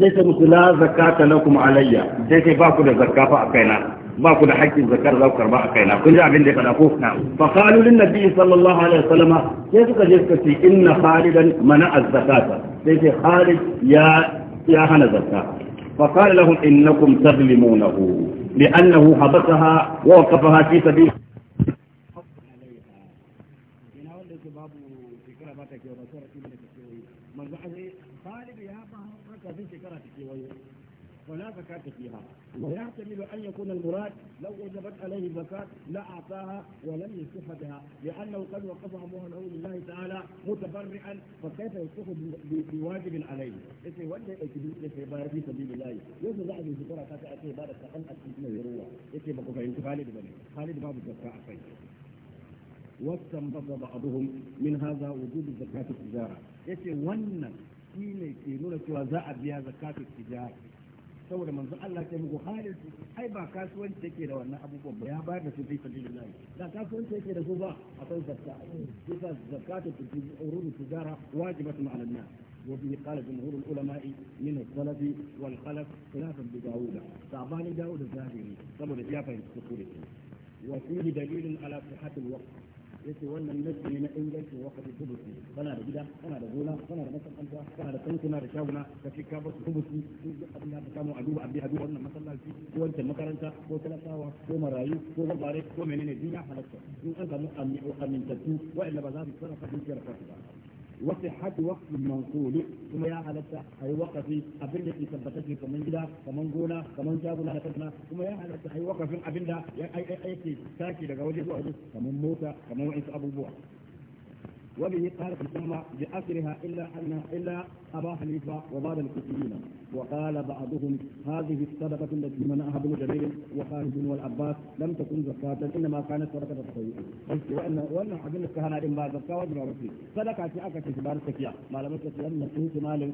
zai ce musu la zakata lakum alayya zai ce ba ku da zakka fa a kaina ba ku da haƙƙin zakar za ku karba a kaina kun ji abin da ya faɗa ko fa qalu lin nabi sallallahu alaihi wasallam sai suka je suka ce inna khalidan mana az-zakata sai ce khalid ya ya hana zakka fa qala lahum innakum tadlimunahu li'annahu habataha wa waqafaha fi sabil فلا زكاة فيها ويحتمل أن يكون المراد لو وجبت عليه الزكاة لأعطاها ولم يصح بها لأنه قد وقفها مهنه الله تعالى متبرعا فكيف يصح بواجب عليه؟ إذا وجه إتبين في سبيل الله يوم بعد الزكاة تأتي بعد سقم أسلم يروى إذا بقوا فإن خالد بني خالد بعض الزكاة أخي واستنبط بعضهم من هذا وجود الزكاة التجارة إذا ونن shine ke nuna cewa za a biya saboda manzo Allah ya muku halin ai ba kasuwanci yake da wannan abubuwan ba ya bayar da su fi sabilillah da kasuwanci yake da su ba akwai zakka kisa zakatu ururu tijara wajibatun ala nas وبه قال جمهور العلماء من السلف والخلف خلافا بداوود صعبان داوود الزاهري قبل جافا السكوري وفيه دليل على صحة الوقت yace wannan nasi ne na inganci wa kadi kubusi kana da gida kana da gona kana da masallaci kana da tankuna da shaguna ka ci ka basu kubusi duk abin da ka samu a duba abin a duba wannan masallaci ko wancan makaranta ko talakawa ko marayu ko mabare ko menene duniya halatta in an samu amintattu wa'anda ba za su sarrafa dukiyar kansu ba وصحة وقت المنقول ثم يا حالتا أي وقف أبنة سبتك ثبتت كمن جدا كمن جونا كمن لها لكتنا ثم يا حالتا أي وقف أبنة أي أي أي أي ساكي لغوجه وعجز كمن موتا كمن وعيس أبو بوح وبه قالت الأمة بأسرها إلا أن إلا أباح الإجراء وضاد المسلمين وقال بعضهم هذه الصدقة التي منعها ابن جرير وخالد والعباس لم تكن زكاة إنما كانت صدقة الخير وأن وأن الله الكهنة ما زكاة وابن عرفي صدقة في أكا كتبان سكيا ما لم تكن أن نسوس مال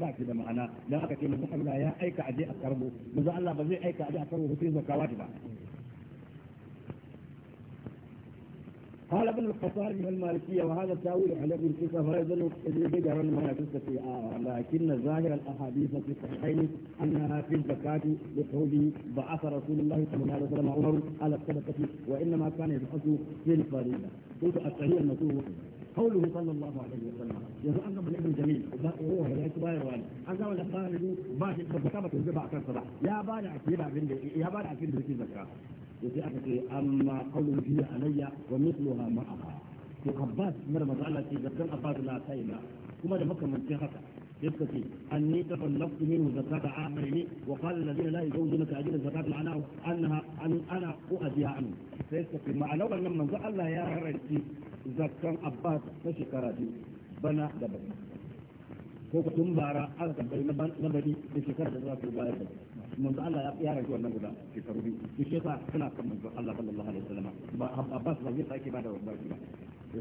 ذاك إذا معنا لا أكا كتبان يا أيك أجي أكربه مزعل الله بزي أيك أجي أكربه في زكاة واجبة قال ابن الخطاب من المالكية وهذا تأويل على ابن كيسة فيظن بجر ما آه لكن ظاهر الأحاديث في الصحيحين أنها في الزكاة لخروجه بعث رسول الله صلى الله عليه وسلم عمر على الصدقة وإنما كان يبحث في الفريضة قلت الصحيح المسوح قوله صلى الله عليه وسلم يظن أن ابن ابن جميل هو لا باير وانا أنا ولا خالد باش الزكاة بتنزبع كالصلاة يا يا بارع في الزكاة sai aka ce amma qawlun bi alayya wa mithluha ma'aha to abbas mara maza Allah ce zakkan abbas la ta'ila kuma da makamancin haka يبتكي أني تخلفت منه زكاة عامين وقال الذين لا يجوزون تأجيل الزكاة معناه أنها أن أنا أؤديها عنه فيبتكي مع لو أن من زعل يا ta زكاة أباس bana بنا دبري ko tun bara aka tabbai na bari da shekara da za ba bayar da manzo Allah ya rayu wannan guda shekaru biyu shi shi yasa suna kan manzo Allah sallallahu alaihi wasallam ba Abbas ba zai sake bada wannan ba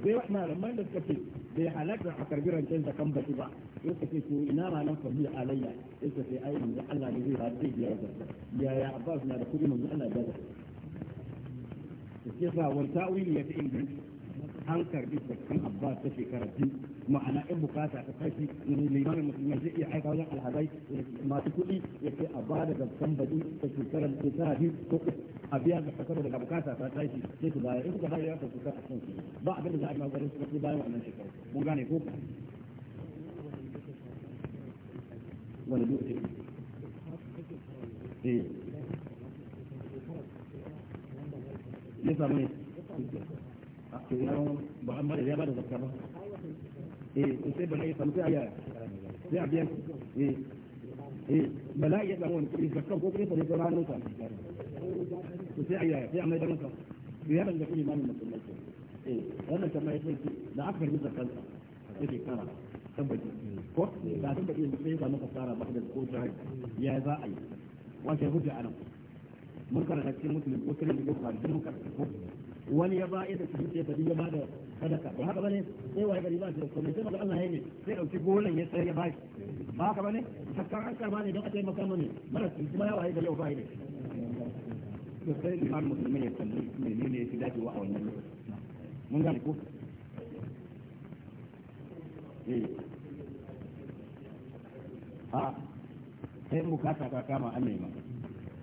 sai wa malaman da suka ce bai halaka a karbi rancen da kan baki ba sai suka ce to ina ma nan fahimi alayya sai suka ce ai manzo Allah ne zai rabu biya da ya Abbas na da kudi manzo Allah ya da shi yasa ta'wili ya fi inganta. an karbi zakkan abbas ta shekara biyu ma'ana in bukata ta kashi liman musulmai zai iya aika wajen alhazai masu kuɗi ya ce a ba da zakkan baɗi ta shekara shekara biyu ko a biya ga kasar daga bukata ta tashi sai su bayar in suka bayar ya kasu a kan ba abin da za a yi magarin su kasu bayan wannan shekaru mun gane ko wani dutse eh ya samu ne to ya ba an bada ya bada zakka ba eh sai samu a biyan eh eh ya samu zakka ko to sai mai da ya masallaci eh wannan da aka kara tabbaci ko da sai ba maka ba da ko ya za a yi wace hujja anan mun karanta cikin musulmi ko da wani ya ba da cikin fadi ya ba da sadaka ba haka bane sai wai gari ba shi da komai sai Allah ya ne sai dauki golan ya sai ya ba ba haka bane hakkar an karba ne don a taimaka mani mara kuma ya waye gari ya ba ne. to sai har musulmi a wannan mun ko eh a sai bukata ka kama annai ma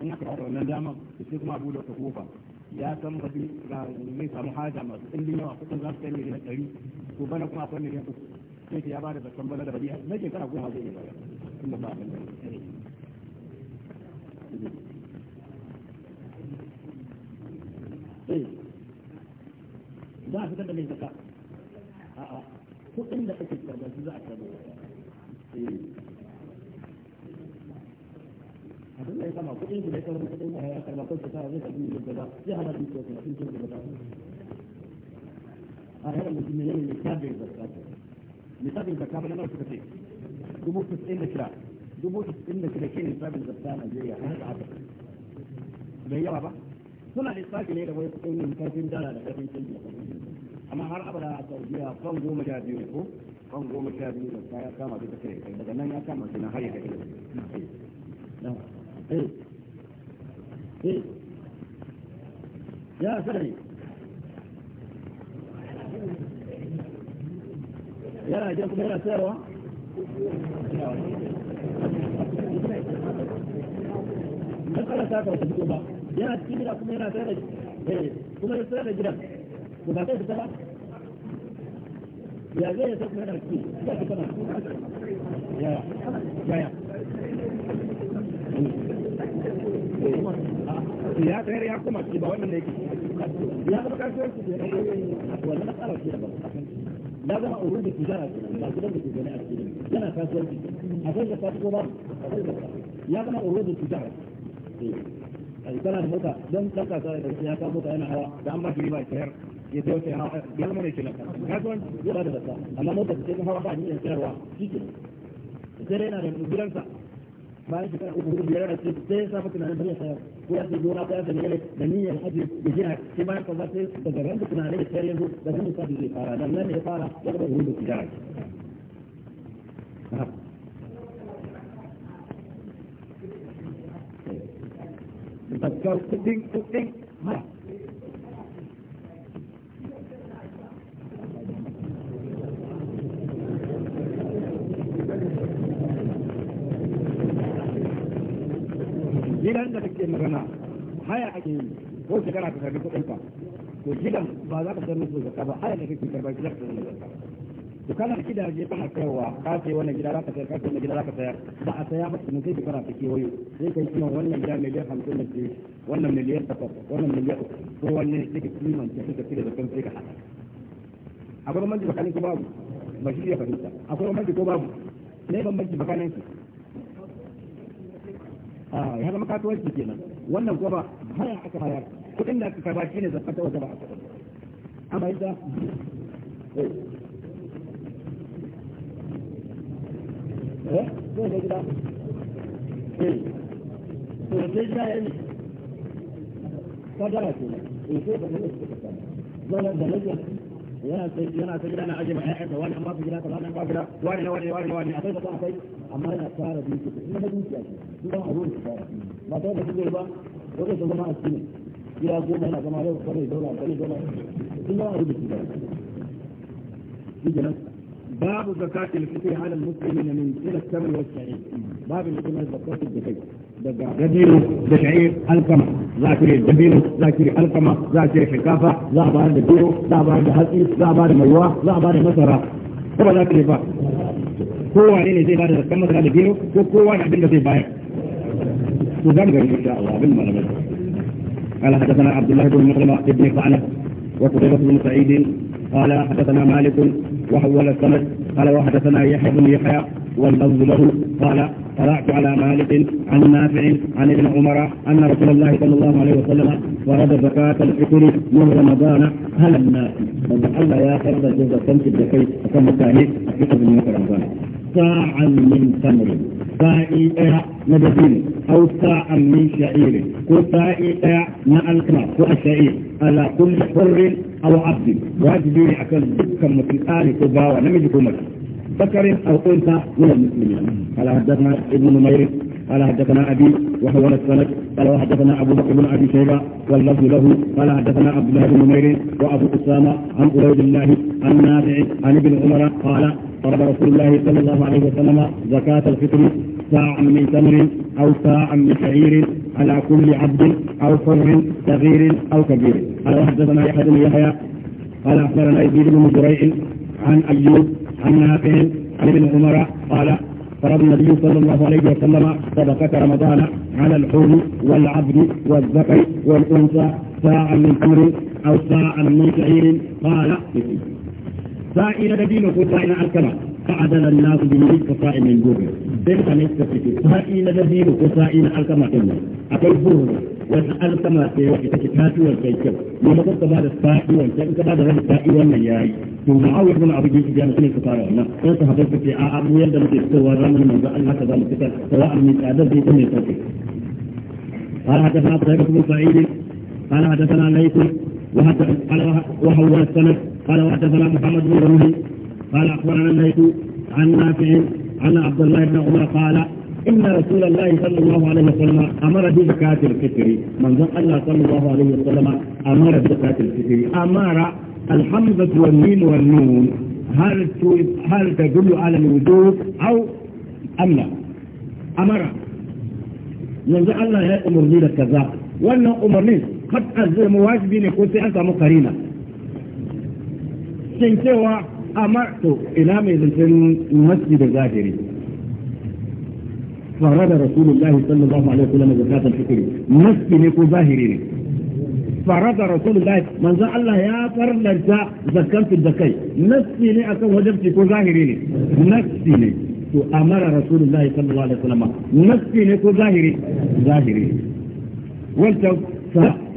in wannan dama sai kuma abu da kofa ya san ba zai ga samu haja masu ɗin yawa kuɗin za su kai da ɗari ko bana kuma akwai miliyan uku sai ya bada da bana da bariya na shekara goma zai yi ba eh. za a fitar da mai zaka a'a kuɗin da kake karɓar su za a karɓar ليس موقفي ليس موقفي انها كما قلت فيها ليس في الجدار ذهب في الجدار في الجدار هذا المسلمين من كتاب الزكاه من كتاب الزكاه من امر الكتاب دموع 90 كلا دموع 90 كلا كان كتاب الزكاه الجاي هذا عبد بيا بابا ثم الاسلام كلا يدعو يقول من كتاب الدار على كتاب الجنه اما هر ابدا توجيه قوم مجاديره قوم مجاديره كما بذكر كما ذكرنا كما كنا هي هي ya sani yana jan kuma yana sayarwa ya ya kuma ba wannan da yake ya zama kasuwanci da wannan matsala da ba ya zama urun da tijara ce ba da a cikin yana da ba ya zama da tijara eh, a kana da mota don kasuwa da ya mota yana hawa da an ba shi riba tsayar ya hawa ya zama ne ya ba da amma mota da hawa ba yan tsayarwa shi sai yana da gidansa bayan shekara uku hudu biyar da ke sai sa maka tunanin bari ya sayar ko ya ce gona ta da yale da niyyar hajji da jihar sai bayan kaza sai daga ran da tunanin da sayar yanzu da zan lissafi zai fara da nan ne ya fara ya gaba hudu da jihar Tafkar kudin kudin haya ake yi ko shekara ka karbi kuɗin ka to gidan ba za ka sanar da ka ba haya da kake karba gidan ka sanar da zakka to kana gidaje kana kaiwa ka sai wannan gida za ka sayar ka sai wannan gida za ka sayar ba a saya ba mun kai shekara ta kewayo sai kai kuma wannan gida miliyan hamsin da ke wannan miliyan takwas wannan miliyan ko wanne ne take kiman ta suka fi da zakkan sai ka haɗa a gwamnati manji bakanin ku babu ba shi ya fahimta akwai manji ko babu ne ban manji bakanin ku su ah, ya zama kasuwanci kenan wannan kuma haya aka bayar kuɗin da aka karba shine zakka ta wata ba amma yadda eh zai da gida eh to sai da yayi kadara ce eh sai da ne zan da ne yana sai yana sai gida na aje ma ƴaƴansa wani an ba su gida kaza an ba gida wani na wani wani wani akwai kaza akwai amma yana tsara dukiya ina dukiya ce su ba a ruwan su ba ta da su ba وقلت ما أتكلم إلى أقول أنا كما لو صلي دولة صلي دولة إلا أريد في جنة باب زكاة الفطر على المسلمين من سنة الثمن والشعير باب الإسلام زكاة الزكاة جدير بشعير القمع ذاكر الجبير ذاكر القمع ذاكر الحكافة لا بارد الدور لا بارد الهزي لا بارد مواه لا بارد مسرة هو ذاكر الباب هو عيني زي بارد الكمة ذاكر الدينو هو هو عيني زي بارد وذلك ان شاء الله بالمغرب قال حدثنا عبد الله بن مسلم بن قعنب وقتيبة بن سعيد قال حدثنا مالك وحول السمك قال وحدثنا يحيى بن يحيى واللفظ له قال قرأت على مالك عن نافع عن ابن عمر أن رسول الله صلى الله عليه وسلم ورد زكاة الفطر من رمضان هل الناس من الله يا فرض الجزء الشمس بكي أتم التاريخ في رمضان ساعا من تمر ساعي ايه ندبين او ساعا من شعير كو ساعي ايه مع الكرا كو الشعير على كل حر او عبد واجبي اكل دكا مكتالي كباوة نمجي كومك ذكر او انثى من المسلمين قال حدثنا ابن نمير قال حدثنا أبي وهو السند قال وحدثنا أبو بكر بن أبي شيبة واللفظ له قال حدثنا عبد الله بن نمير وأبو أسامة عن عبيد الله عن نافع عن ابن عمر قال طلب رسول الله صلى الله عليه وسلم زكاة الفطر ساعا من تمر أو ساعا من شعير على كل عبد أو حر صغير أو كبير قال وحدثنا أحد بن يحيى قال أخبرنا يزيد بن زريع عن أيوب عن نافع عن ابن عمر قال فرد النبي صلى الله عليه وسلم صدقة رمضان على الحور والعبد والذكر والأنثى ساعة من تمر أو ساعة من شعير قال سائل دبينه سائل الكلام فعدل الناس به سائل من جوبه ذلك ليس في سائل دبينه سائل الكلام أكل بره wata alkama sai wata take tatuwar kai kyau ne ba ka ba da sa'i wancan ka ba da rabi sa'i wannan yayi to ma'awar mun abu ji ga mutum ka fara wannan sai ka haɗa kace a abu yadda muke fitowa ranar manzo Allah ka za mu fitar sawa'an min qadar zai ta mai sauki قال حدثنا قتيبة بن سعيد قال حدثنا ليث وحول السند قال وحدثنا محمد بن رمحي قال اخبرنا الليث عن نافع عن عبد الله بن عمر قال إن رسول الله صلى الله عليه وسلم أمر بزكاة الفطر من زكى الله صلى الله عليه وسلم أمر بزكاة الفطر أمر الحمزة والمين والنون هل هل تدل على الوجود أو أم لا أمر من زكى الله يا أمر لي كذا وأنا أمر لي قد أزم واجبي لكوتي أنت مقرينا سنتوا أمرت إلى مسجد الزاهرين فرد رسول الله صلى الله عليه وسلم زكاة الفطر نسك نكو ظاهرين فرد رسول الله من ذا الله يا فرد لجاء زكاة الزكاة نسك نكو وجبتي كو ظاهرين نسك نكو أمر رسول الله صلى الله عليه وسلم نسك نكو ظاهرين ظاهرين والتو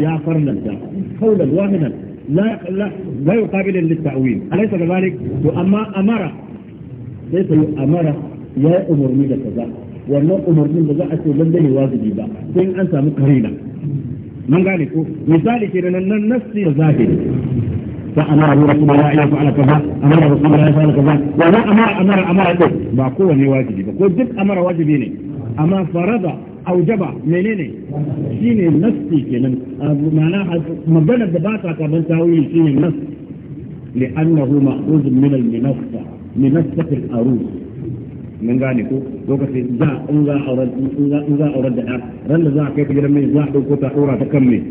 يا فرد لجاء قولا واحدا لا لا لا يقابل للتعويل أليس كذلك؟ وأما أمر ليس أمر يا أمر ميدا كذا wannan umarnin da za a ce lalle ne wajibi ba sai an samu karina من ذلك لذلك لأن النفس ظاهر فأمر رسول الله أن يفعل كذا أمر رسول الله أن يفعل كذا وما أمر أمر أمر كذا باقوة واجبي باقوة جد أمر واجبي ne أما فرض aujaba menene shine nafsi kenan ma'ana maganar da ba ta kaman tawili shine nafs li'annahu ma'khuz min al-minafsa minaffat al-arus mun gane ko lokacin za in za aurar in za aurar da ɗa ran da za a kai ta gidan mai za a ɗauko ta aura ta kan mai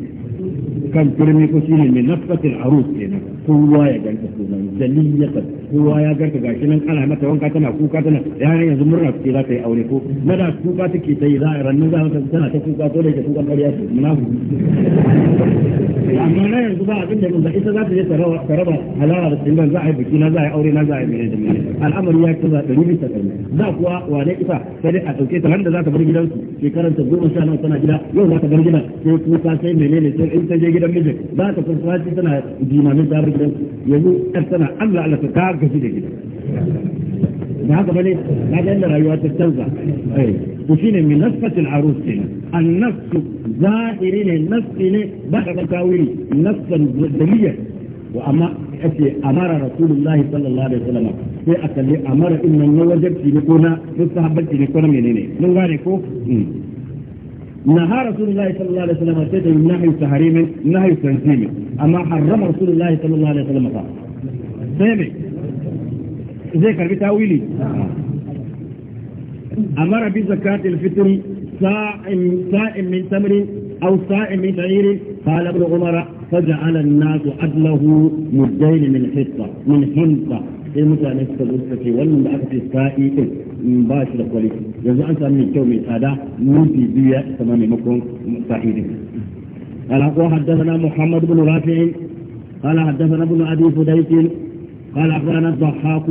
kan firmi ko shine mai nafatil arus kenan kowa ya ganta sunan jaliyatan kowa ya garka gashi nan ana mata wanka tana kuka tana yayin yanzu murna ce za ta yi aure ko na da kuka take ta yi za a rannu za ta tana ta kuka dole da ke kuka ƙarya ce munafu amma na yanzu ba abin da yanzu ita za ta je ta raba halala da tsingan za a yi biki na za a yi aure na za a yi mene da mene al'amari ya ci za ta rubi ta ɗari za kuwa wane ita sai dai a ɗauke ta da za ta bar gidansu shekaran ta goma sha nan tana gida yau za ta bar gidan sai kuka sai menene sai in ta je gidan mijin za ta kusa tana jimamin ta bar gidansu yanzu tana Allah Allah ta كثيرة جدا هذا بليه بعد ان رأيوات التوزع وفين من نصفة العروس هنا النص زائر للنص بحر تاويري نصفا ضدية واما امر رسول الله صلى الله عليه وسلم في اكل امر ان من وجب في يكون مستحب في يكون من هنا من غيرك نهى رسول الله صلى الله عليه وسلم سيد من نهي سهريم نهي سنسيم اما حرم رسول الله صلى الله عليه وسلم سيد زي كان بتاويلي امر بزكاة الفطر صائم صائم من تمر او صائم من بعير قال ابن عمر فجعل الناس عدله مدين من حصة من حنطة في مثل نفس الوصفة والمبعثة السائق مباشرة قوليك يجب أن تأمين كوم الأداء مدي بيئة تمام مكون سعيد قال أقوى حدثنا محمد بن رافع قال حدثنا ابن أبي فديك قال أخبرنا الضحاق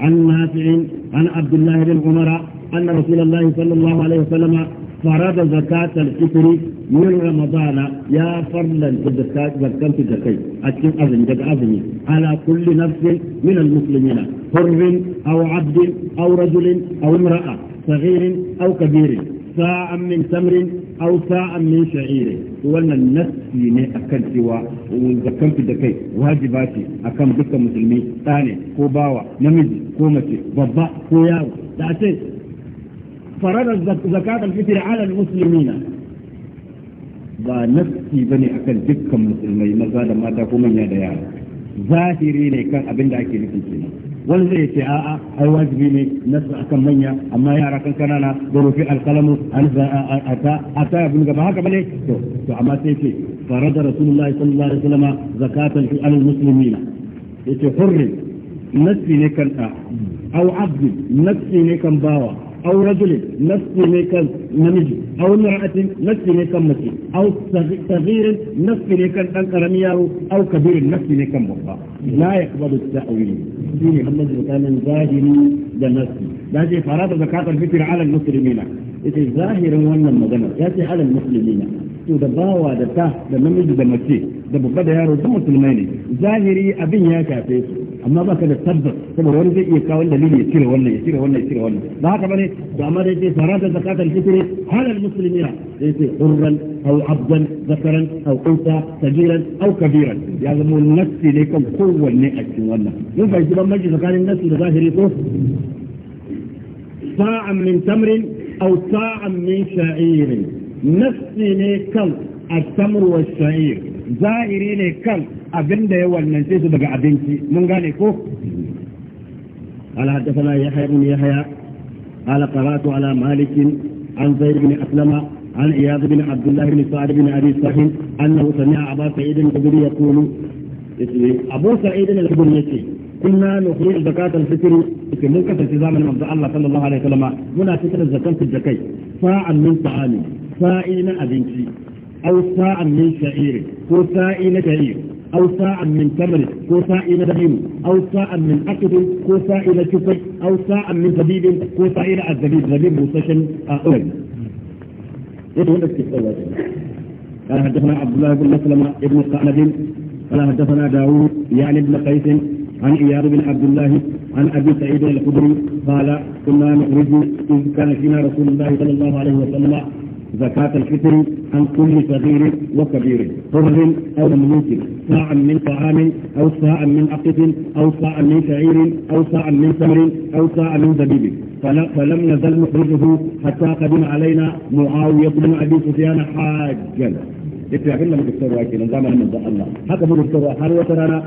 عن نافع عن عبد الله بن عمر أن رسول الله صلى الله عليه وسلم فرض زكاة الفطر من رمضان يا فرلا زكاة زكاة زكاة أتم أذن أذن على كل نفس من المسلمين حر أو عبد أو رجل أو امرأة صغير أو كبير ساعة من تمر أو ساعة من شعير وأن النفسي ne akan cewa zakan da kai wajiba ce akan dukkan musulmi tsane ko bawa namiji ko mace babba ko yawo da ce faradar zakat al-fitr ala al-muslimina ba nafsi bane akan dukkan musulmai maza da mata ko manya da yara zahiri ne kan abin da ake nufi kenan wani zai ce a ai wajibi ne nasu akan manya amma yara kan kanana da rufi alkalamu a ta ibn gaba haka bane to to amma sai ce farada rasulullahi sallallahu alaihi wasallam zakatan fi al-muslimina yace hurri nafsi ne kan da au abdi nafsi ne kan bawa أو رجل نفس ميكا نمجي أو امرأة نفس ميكا مسي أو صغير نفس ميكا أنكرميه أو كبير نفس ميكا مبقى لا يقبل التأويل دين محمد وكان ظاهري ده نفسي لازم فراد زكاة الفطر على المسلمين إذا ظاهرا وانا مدنة يأتي على المسلمين to da bawa da ta da namiji da mace da babba da yaro duk musulmai ne zahiri abin ya shafe su amma baka da tabbas saboda wani zai iya kawo dalili ya cire wannan ya cire wannan ya cire wannan ba haka bane to amma dai sai farata zakatul fitr halal muslimina sai sai hurran aw abdan zakaran aw unsa sagiran aw kabiran ya zama nafsi ne kan kowanne a cikin wannan mun ba ji bambanci tsakanin nafsi da zahiri ko sa'an min tamrin aw sa'an min sha'irin nafsi ne kan التمر والشعير زائرين كم abin da ya wallance su daga abinci mun gane ko قال حدثنا يحيى بن يحيى قال قرات على مالك عن زيد بن اسلم عن اياد بن عبد الله بن سعد بن ابي سهل انه سمع ابا سعيد الخدري يقول ابو سعيد الخدري كنا نخرج زكاة الفطر في ملكة في زمن الله صلى الله عليه وسلم منا فكرة زكاة الزكاة ساعة من طعام سائل أبنتي أو ساعة من شعير وسائل شعير أو ساعة من تمر كو ساعة دبيب أو ساعة من أكد كو ساعة شفر أو ساعة من زبيب كو ساعة الزبيب زبيب مستشن أول يدون استقلال قال حدثنا عبد الله بن مسلمة ابن قعنب قال حدثنا داوود يعني ابن قيس عن اياد بن عبد الله عن ابي سعيد الخدري قال كنا نخرج اذ كان فينا رسول الله صلى الله عليه وسلم زكاة الفطر عن كل صغير وكبير طرد أو ملوك صاع من طعام أو صاع من عقد أو صاع من شعير أو صاع من تمر أو صاع من زبيب فلم نزل نخرجه حتى قدم علينا معاوية بن أبي سفيان حاجا يتبع في لما تكتروا هيك نظام من ضع الله حتى بقول تكتروا حالي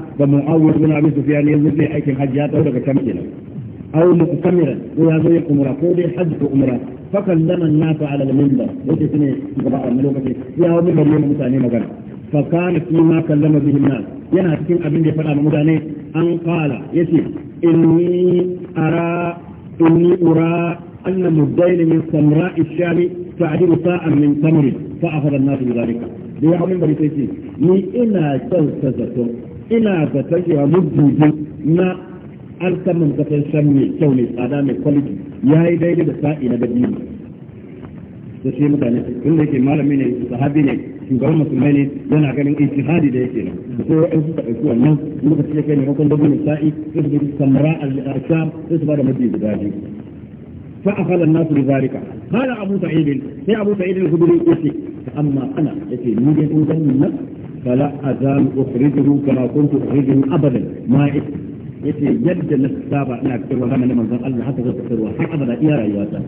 بن أبي سفيان يزل في حيك الحجيات أو كم أو مؤتمرا ويازوي أمرا كودي حج أمرا فكلم الناس على المنبر يجي سنة يقبع الملوكة يا أمي بريم متاني مغانا فكان فيما كلم به الناس ينا تكين أبين يفرع مداني أن قال يسي إني أرى إني أرى أن مدين من سمراء الشام تعجل ساعة من تمر فأخذ الناس بذلك يا أمي بريم تيسي ني إنا جوسزة إنا بتجي مدين ما an san mun ka san mai kyau ne tsada mai ya yi daidai da sa'i na dabino da sai mutane inda yake malami ne sahabi ne shugaban musulmai ne yana ganin ijtihadi da yake nan ko in suka ɗauki wannan muka ce kai ne hukun dabino sa'i sai su samra al-arsham sai su ba da guda biyu فأخذ الناس بذلك قال أبو سعيد يا أبو سعيد الخدري يسي أما أنا يسي نجد أنت فلا أزال أخرجه كما kama أخرجه أبدا ما يسي yace yadda na saba ina fitarwa zama na manzon Allah haka zai fitarwa har abada iya rayuwata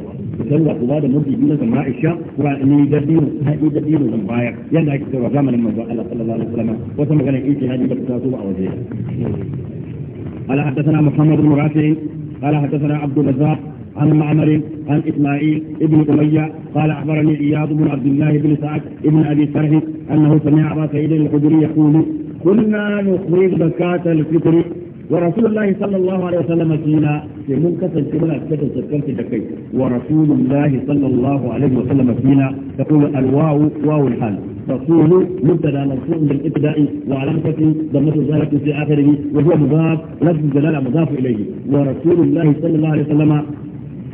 wa kuma da mutum na zama Aisha kuma ni da dinu na ni da dinu zan baya yadda ake fitarwa zamanin manzon Allah sallallahu alaihi wasallam wata magana in ce hadi ba ta so a waje ala hadathana muhammad بن رافع ala hadathana abdul الرزاق عن معمر عن اسماعيل ابن اميه قال اخبرني اياد بن عبد الله بن سعد ابن ابي سرح انه سمع ابا سعيد الخدري يقول كنا نخرج زكاه الفطر ورسول الله صلى الله عليه وسلم فينا في ملكه الكبرى كتب سكنت دكي ورسول الله صلى الله عليه وسلم فينا تقول الواو واو الحال رسول مبتدا مرفوع بالابتداء وعلامته ضمته ذلك في اخره وهو مضاف لفظ الدلاله مضاف اليه ورسول الله صلى الله عليه وسلم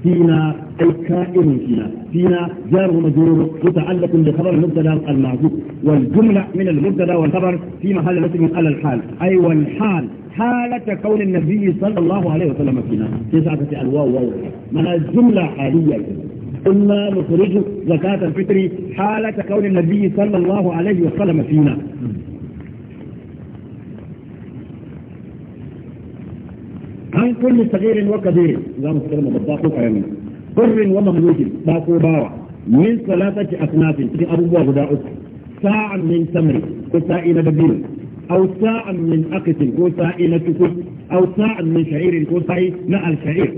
فينا أي كائن فينا فينا جار ومجرور متعلق بخبر المبتدا المعزوف والجملة من المبتدا والخبر في محل نسب على الحال أي والحال حالة كون النبي صلى الله عليه وسلم فينا تسعة الواو واو من الجملة حالية إنا نخرج زكاة الفطر حالة كون النبي صلى الله عليه وسلم فينا عن كل صغير وكبير لا مستلم بالضاق وكلام بر ومملوك باق وباوع من ثلاثة أصناف في أبواب غداء ساعة من تمر وسائل دبيل أو ساعة من أقس وسائل تكس أو ساعة من شعير وسائل لا الشعير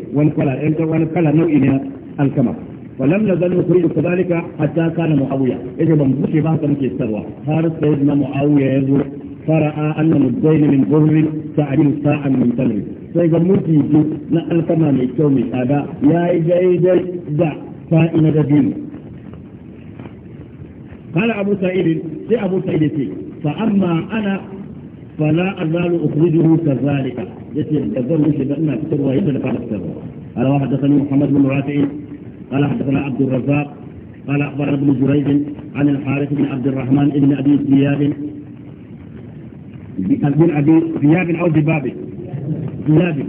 أنت والكلى نوع الكمر ولم نزل نخرج كذلك حتى كان معاوية إذا لم بوشي بحثا في السروة هذا سيدنا معاوية يزور فرأى أن مدين من بر تعليم ساعة من تمر sai ga mutu na alkama mai kyau mai tsada ya yi daidai da fa'ina da biyu قال أبو سعيد سي أبو سعيد سي فأما أنا فلا أزال أخرجه كذلك يتي الكذب مش بأن تروى يبدأ فعل الكذب قال وحدثني محمد بن رافع قال حدثنا عبد الرزاق قال أخبرنا ابن جريج عن الحارث بن عبد الرحمن بن أبي زياد بن أبي زياد أو ذبابه جابر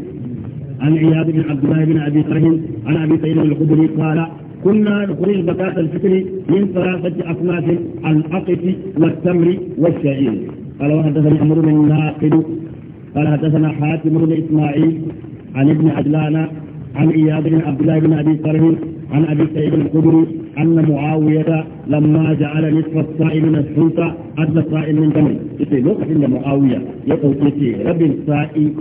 عن عياض بن عبد الله بن ابي طلحه عن ابي سعيد الخدري قال كنا نخرج زكاة الفكر من ثلاثة أصناف العطف والتمر والشعير قال وحدثني عمرو بن ناقد قال حدثنا حاتم بن إسماعيل عن ابن عجلان عن إياد بن عبد الله بن أبي طلحه عن أبي سعيد الخدري أن معاوية لما جعل نصف الصائم من السلطة أدنى الصائم من دمه يقول إيه، لك أن معاوية يقول إيه، رب الصائم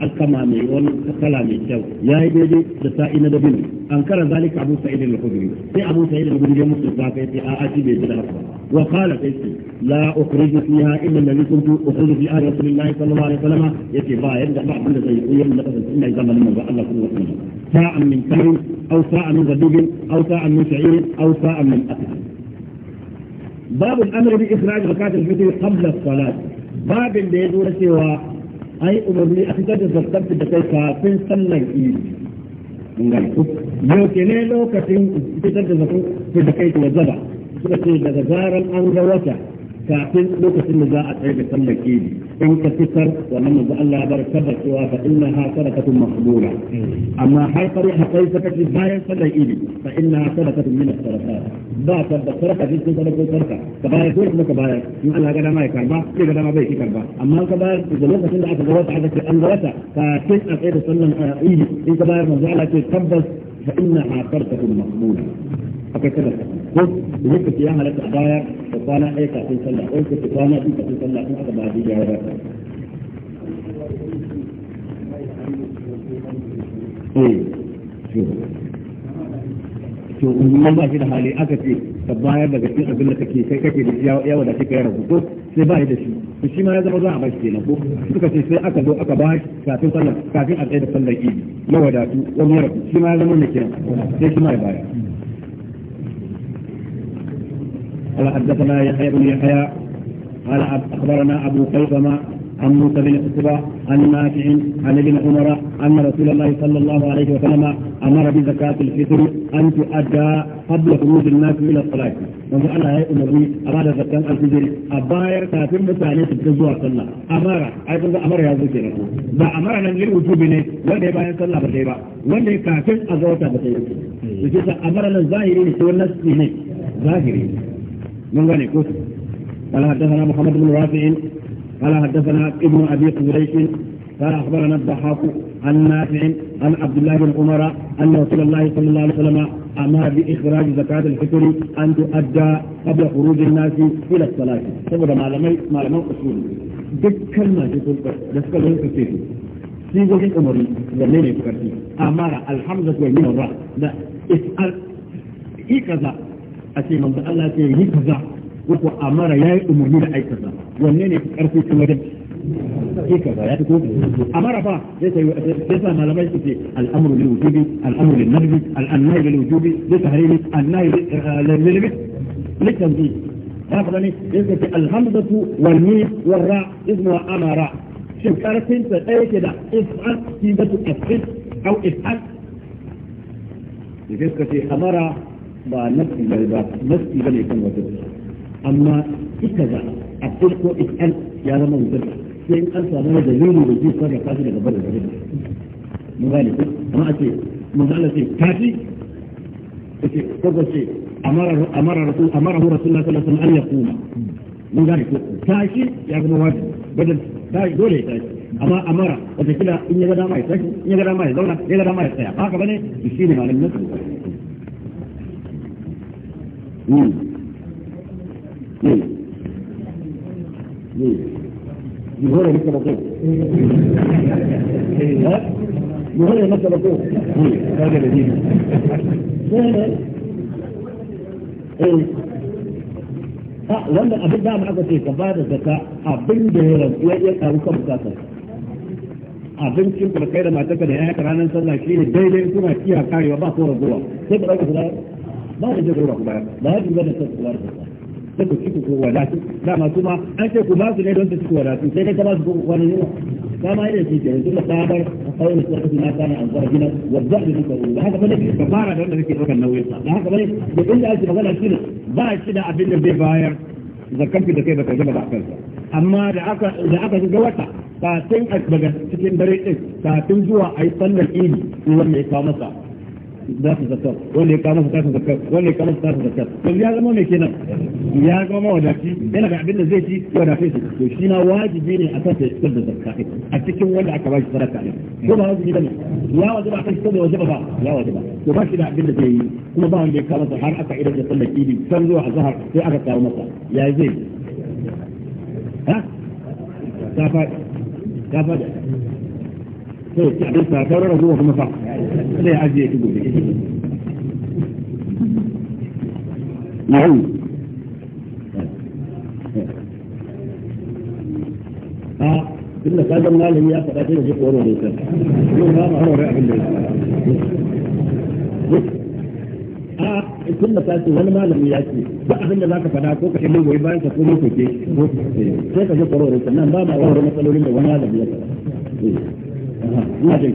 alkama mai wani kala mai kyau ya yi daidai da sa'i na dabino an kara zalika abu sa'id al-khudri sai abu sa'id al-khudri ya musu ba kai sai a'a shi bai jira ba wa qala kai sai la ukhriju fiha illa alladhi kuntu ukhriju fi ahli rasulillahi sallallahu alaihi wasallam yace ba yadda ba abin zai yi yanda ka san zamanin manzo Allah sallallahu alaihi wasallam sa'an min kamin aw sa'an min gadib aw sa'an min sha'ir aw sa'an min akal باب الامر باخراج زكاه الفطر قبل الصلاه babin da ya zo da ai umarni a fitar da zartar da kai kafin sallar idi yau ke ne lokacin fitar da zartar da kai wajaba suka ce daga zaran an ga wata kafin lokacin da za a tsaye da sallar idi in ka fitar wannan manzo Allah ya bar kabar cewa fa inna ha sadaqatun maqbula amma har fari hakai sadaqati bayan sallar idi fa inna ha sadaqatun min as-sadaqat ba ta da sadaka din sun sadaka sarka ka bayar ko kuma ka bayar in Allah ga dama ya karba sai ga dama bai ki karba amma ka bayar da lokacin da aka ga wata aka ce an ga wata kafin a tsaye da sallar idi in ka bayar manzo Allah ce tabbas fa inna ha sadaqatun maqbula akwai sallar ko lokaci ya halatta a baya da kwana ɗaya kafin sallah ko lokaci kwana biyu kafin sallah in aka ba a ya ba eh, to mun ba shi da hali aka ce ka bayar daga cikin abin da kake kai kake da ya wadace ka ya rabu ko sai ba da shi to shi ma ya zama za a bashi kenan ko suka ce sai aka zo aka ba kafin kafin a tsaye da sallar idi wani rabu shi ma ya zama ne kenan sai shi ma ya bayar قال حدثنا يحيى بن يحيى قال اخبرنا ابو خيثمه عن موسى بن عقبة عن نافع عن ابن عمر أن رسول الله صلى الله عليه وسلم أمر بزكاة الفطر أن تؤدى قبل خروج الناس إلى الصلاة وجعل هيئة النبي أراد زكاة الفطر الظاهر كافر متعلي تبتزوا صلى الله أمر أيضا أمر يا ذكر ده أمر أن للوجوب نه وده باين صلى بتيبا وده كافر أزوتا بتيبا يجب أمر الظاهرين سوى الناس ظاهرين من غني كوس قال حدثنا محمد بن رافع قال حدثنا ابن ابي قريش قال اخبرنا الضحاك عن نافع عن عبد الله بن عمر ان رسول الله صلى الله عليه وسلم امر باخراج زكاه الفطر ان تؤدى قبل خروج الناس الى الصلاه saboda malamai malaman usul duk kalma ce da suka zo su ce sigogin umarni wanne ne su karfi amma alhamdulillah wa min ra da is'al ikaza a ce manzo Allah ce yi kaza ko amara yayi umarni da aikata wanne ne karfi kuma da yi kaza ya fito amara fa zai sai sai sa malamai su ce al'amru lil wujubi al'amru lil nadbi al'annahi lil wujubi lil tahrimi annahi lil lil lil tanzih ya fada ne yake alhamdatu wal mim wal ra ismu amara shin karfin sa ɗaya ke da if'al kibatu if'al au if'al da gaskace amara ba nafsi bane ba nafsi bane kan wajen amma ita da a farko ikan ya zama wajen sai an samu da dalili da zai sarrafa shi daga barin wajen mun gane ko amma a ce mun zala ce tafi kace kaga ce amara amara rasul amara rasulullah sallallahu alaihi wasallam an yaquma mun gane ko tashi ya zama wajibi badan dai dole ya tashi amma amara wata kila in ya ga dama ya tashi in ya ga dama ya zauna ya ga dama ya tsaya haka bane shi ne malamin nasu يهوري da aka ce ka bada zaka abin da ya rantsuwa ya karu kan bukatar abincin da kai da da ya ranar sallah shi ne daidai kuna kiya karewa ba ko sai ka ɗauka su ba da jagowa ku ba ya dubana sai ku bayar sai ku ci ku wadatu dama kuma an ce kuma ba su ne don su ci wadatu sai dai ka ba su ku wani ne ba ma yadda shi ke yanzu da sabar a kawai su kasu na kana an zara gina wadda da suka rubu da haka bane ka fara da wanda kake ɗaukar nauyin sa da haka bane da inda ake magana shi ne ba shi da abin da zai bayar zakar da kai baka zama ba kansa amma da aka da aka ga wata kafin daga cikin dare din kafin zuwa ayi sallar idi wanda ya kawo masa za su zakar wanda ya kama su za su zakar wanda ya kama su za zakar to ya zama mai kenan ya zama wadaci yana da abin da zai ci ya wadace shi to shi na wajibi ne a kansa ya fitar da zakka a cikin wanda aka ba shi sadaka ne ko ba wajibi bane ya wajiba a kan fitar da wajiba ba ya wajiba to ba shi da abin da zai yi kuma ba wanda ya kama sa har aka idan da sallar idi san zuwa a zahar sai aka kawo masa ya zai ha ka fa ka fa sai ya ci a dinsa sauran sai ya ajiye shi gobe ah, a malami ya faɗa sai da shi kowane da ita yau ba ma abin da ya ah, a wani malami ya ce ba abin da za ka fada ko ka shi goyi bayan ka ko ne ko sai ka shi kowane da ba ma haura matsalolin da wani malami ya ina ji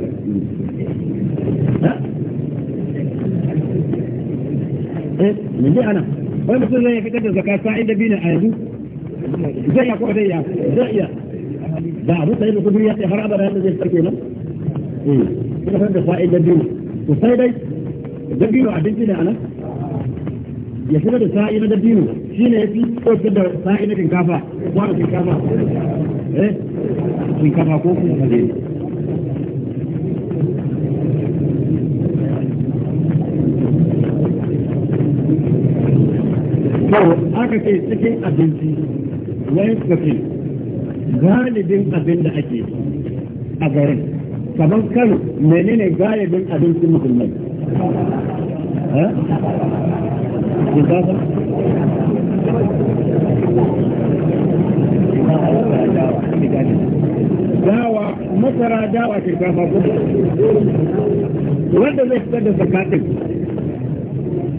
eh, ana mutum zai fitar da bina a yanzu zai ya ko zai ya zai da abu sai ya har yadda zai sarke nan eh, fitar da fa'in da bina to sai dai da bina anan ya fitar da shi ne ya fi ko da sa'i na shinkafa shinkafa eh shinkafa ko kuma aka kai cikin abinci wani kafi galibin abin da ake a garin kamar kano menene galibin abincin musulmai eh? dawa masara dawa kuma wanda zai fitar da zakatin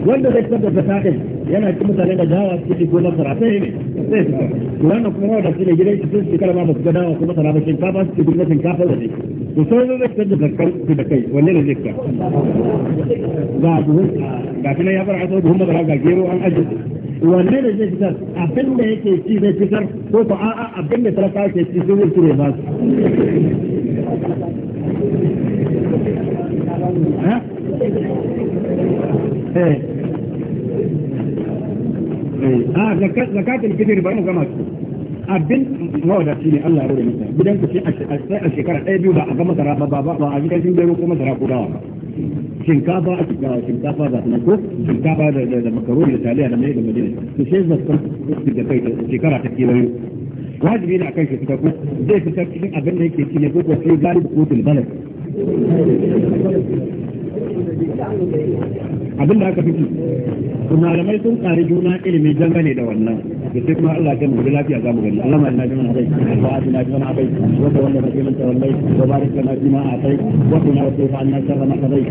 wanda zai fitar da zakatin yana cikin mutane da dawa su ci gonar sara sai ne su wannan kuma rawa da su ne gidan su sun shekara ma ba su ga dawa kuma sara ba shinkafa su ci gonar shinkafa da ne to sai zai zai da zakar su da kai wanne ne zai ka ga buhun ga kuma ya fara asau buhun madara ga gero an aji wanne ne zai fitar abin da yake ci zai fitar ko ko a'a abin da talaka ke ci sun wuce cire ba su Hey. a zakatul fitr bari mu gama su abin mawadaci ne Allah ya rure masa gidan ku sai a shekara ɗaya biyu ba a ga masara ba ba ba a gidan jin ko masara ko dawa ba shinkafa a cikin shinkafa ba na ko shinkafa da da makaroni da taliya da mai da madina to sai zakkan da kai shekara ta kewayo wajibi ne akan shi fita ko zai fita cikin abin da yake ci ne ko ko sai galibi ko tilbalai abin da aka fi malamai sun ƙari juna ilimi dangane da wannan da sai kuma Allah kan gudu lafiya za mu gani Allah ma ina ji mana bai a ina ji mana bai wata wanda ka kimanta wallai wa barik lana fi ma atai wa qina wa qina anna sharra alai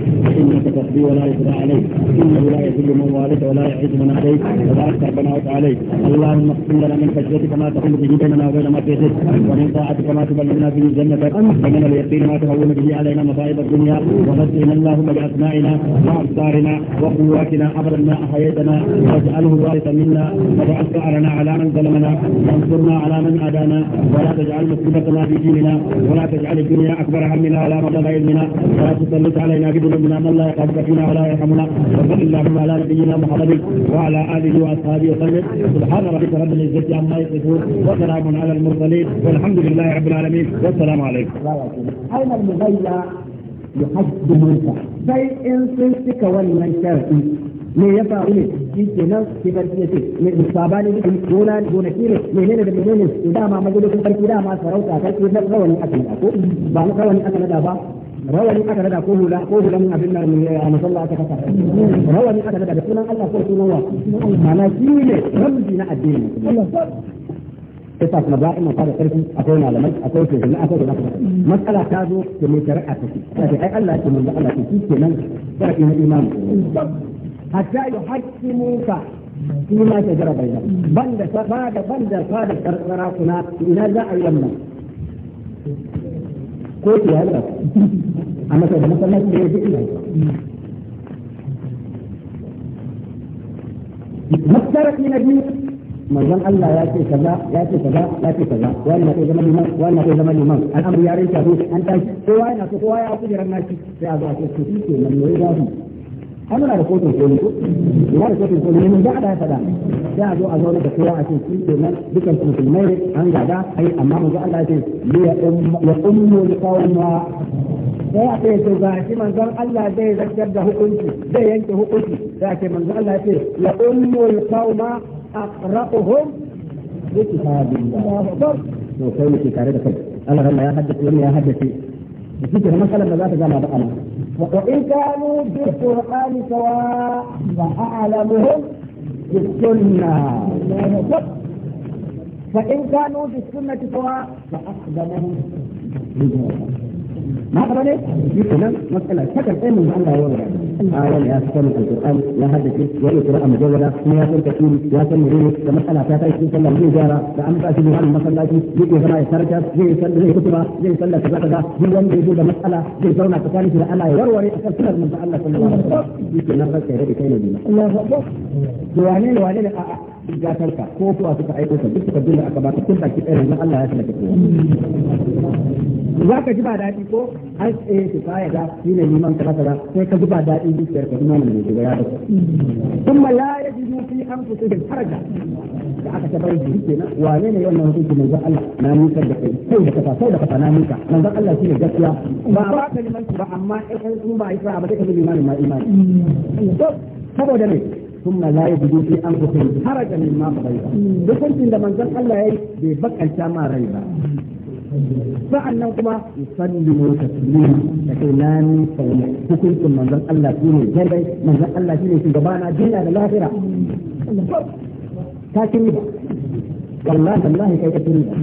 وقل واكنا حبل ما أحييتنا واجعله الوارث منا وبعث ثأرنا على من ظلمنا وانصرنا على من عادانا ولا تجعل مصيبتنا في ديننا ولا تجعل الدنيا أكبر همنا ولا مبلغ علمنا ولا تسلط علينا بذنوبنا من لا يخافك فينا ولا يرحمنا وصل اللهم على نبينا محمد وعلى آله وأصحابه وسلم سبحان ربك رب العزة عما يصفون وسلام على المرسلين والحمد لله رب العالمين والسلام عليكم. أين المغيره yuhaddimunka sai in sun cika wannan sharadi me ya faru ne shi ke nan ke barci ya ce me saba ne duk gona gonaki ne menene da menene dama majalisun da ma sarauta sarki na rawanin aka da ko ba na rawanin aka da ba rawanin aka nada ko hula ko hula mun abin nan ne a masalla aka kasa rawani aka nada da sunan Allah ko sunan wa mana shi ne rabbi na addini kisa kuma ba ina fara karfi akwai malamai akwai ke zama akwai da matsala ta zo da mai shari'a ta ce ta ce ai Allah ke mun da Allah ke shi kenan sharafi na imani hatta yuhaqqimuka shi ma ke jara bai banda bada banda bada karkara kuna ina za a yi wannan ko ki ya da amma sai da masallaci da yake ina masallaci na biyu manzon Allah ya ce kaza ya ce kaza ya ce kaza wani na kai zama liman wani na kai zama liman al'amur ya rinka su an tashi kowa yana so kowa ya jiran nashi sai a zo a ce su ke nan yayi zafi an muna da kotun koli ko ina da kotun koli ne ja a daya fada sai a zo a zaune da kowa a ce su ke nan dukkan musulmai ne an gada ai amma manzon Allah ya ce um, ya ummu ma sai a ce to ga shi manzon Allah zai zartar da hukunci zai yanke hukunci sai a ce manzon Allah ya ce ya ummu ma. أقرأهم بكتاب الله أكبر وكوني أنا لما يا حدث لما يا حدث ذكر مثلا ما جامعة أنا وإن كانوا بالقرآن سواء فأعلمهم بالسنة فإن كانوا بالسنة سواء فأقدمهم بالجواب ما قبله يمكن مسألة فكر إيه من الله يورد آية يا القرآن يا هذا الشيء يا قراءة مجودة يا سن كثير يا سن مريض كمسألة فاتت في سنة من جارة فأما تأتي بهذا المسألة يجي هنا يسرك يجي سنة كتبة زي سنة كذا كذا يجي وين مسألة زي زونا تكاني في الله يورد أكثر سنة من الله صلى الله عليه وسلم يمكن نفسك يا ربي الله أكبر وعنين وعنين duk gatarka ko kuwa suka aiko ka duk takardun da aka baka tun baki ɗaya nan Allah ya halaka kowa za ka ji ba daɗi ko an eh, tsaye su kaya da shi ne neman ka haka sai ka ji ba daɗi zuciyar ka kuma mai shiga ya da kuma la ya ji zuci an fito da harga da aka ta bari jiki kenan wane ne wannan hukunci manzon Allah na nika da kai sai da kafa sai da kafa na nika manzon Allah shi ne gaskiya ba ba ka liman ba amma in ba yi fara ba sai ka bi limanin ma imani saboda ne ثم لا يجدوا في انفسهم حرجا مما قضيت hukuncin da manzon Allah yi bai bakanta ma rai ba nan kuma yusallimu taslima da kai lami sauna hukuncin manzon Allah shine jarbai manzon Allah shine shugaba na duniya da lahira ta kiri ba wallahi wallahi kai ka kiri ba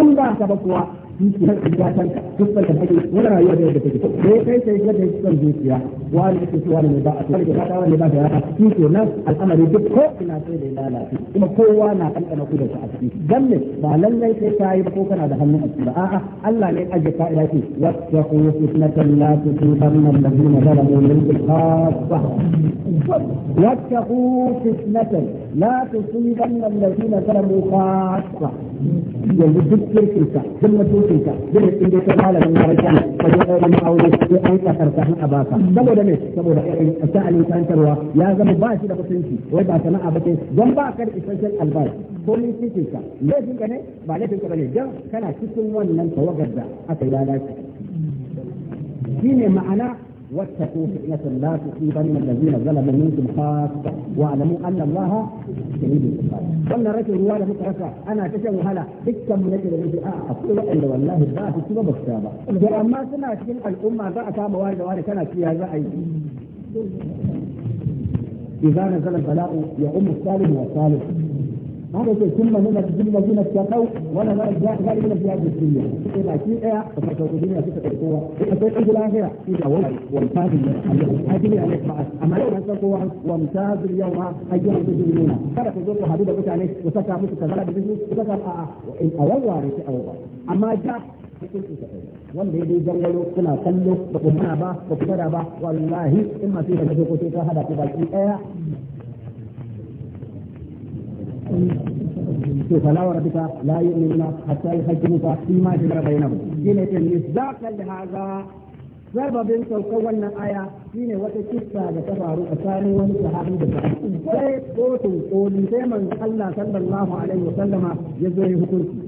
in ba ka ba kuwa zuciyar ka ta tanka fuskar ka take wani rayuwa da take sai kai sai ga da son zuciya wani ake so wani ba a tsare ka wani ba da ya shi ke nan al'amari duk ko ina sai da lalace kuma kowa na kankana ku da su a ciki dan ne ba lallai sai ka yi ko kana da hannun a ciki ba a'a Allah ne aje fa'ida ce wattaqu fitnatan la tusibanna alladhina zalamu minkum khassa wattaqu fitnatan la tusibanna alladhina zalamu khassa yanzu duk kirkinka duk mutum aikin ka zai in dai ka malamin larabci ka je ɗaurin aure sai ai ka karkashin a baka saboda me saboda sa'alin kantarwa ya zama ba shi da mutunci wai ba sana'a ba ce don ba ka da isasshen albashi ko ni cikin ka laifin ka ne ba laifin ka bane dan kana cikin wannan tawagar da aka yi lalaci shine ma'ana واتقوا فتنة لا تصيبن الذين ظلموا منكم خاصة واعلموا أن الله شديد العقاب. قلنا رجل وانا مترسى أنا كشف هلا بكم من أجل الذي أعطي وإلا والله لا تصيب بكتابة. ما سمعت كل الأمة بعد موارد وانا كان فيها زعيم. إذا نزل البلاء يؤم السالم والصالح. هذا شيء ثم من تجيب الذين اتقوا ولا جاء ذلك من الجهاد الدنيا الى شيء فتكون الدنيا في القوه فتكون الاخره اذا وجد وامتاز اليوم اجري عليك بعد اما لو انت القوه وامتاز اليوم ايها المجرمون كان تزور حبيبك وانت عليك وتسعى مثل كذلك بجسمك وتسعى ان اوضع اما جاء wanda ya jangalo kuna kallo ba ku ba ba ku ba wallahi in masu da ko sai ka hada ku baki daya to fala wa rabbika la yu'minuna hatta yuhaqqimuka fima shajara bainahum shine ke misdaqan hadha sababin saukar wannan aya shine wata kissa da ta faru tsakanin wani sahabi da ta? sai kotun koli sai man Allah sallallahu alaihi wasallama ya zo yi hukunci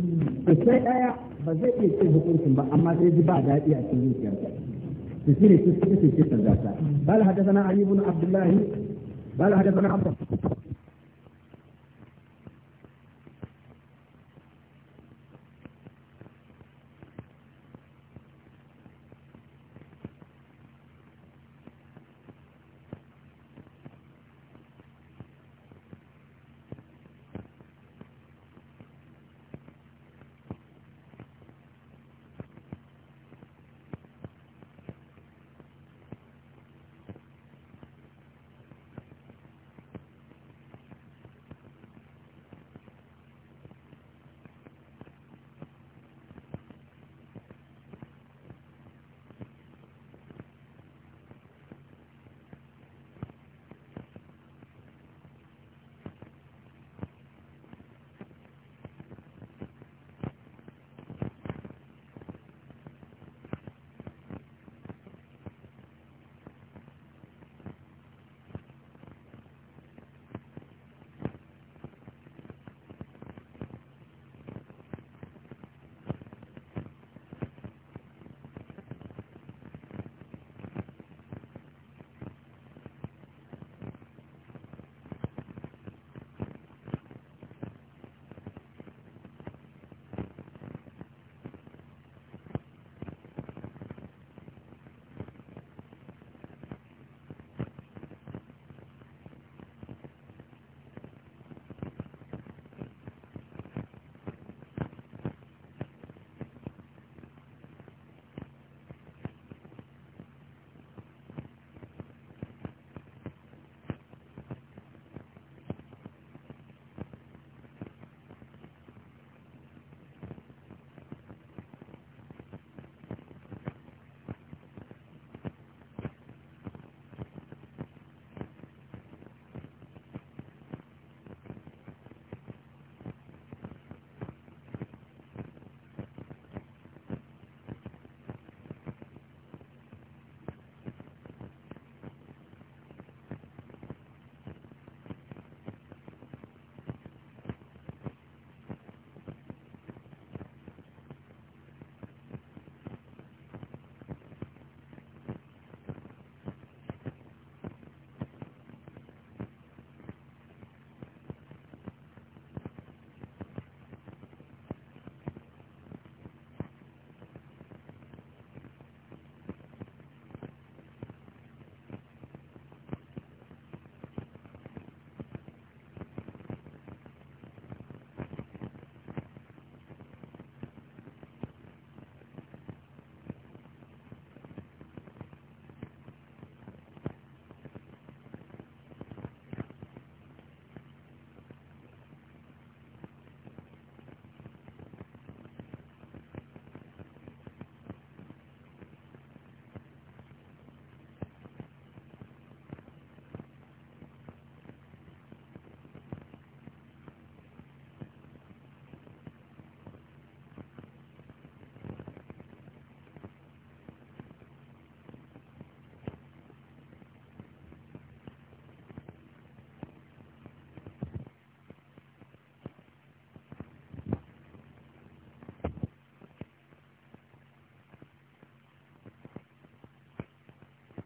sai daya ba zai iya cin hukuncin ba amma sai ji ba daɗi a cikin zuciyarsa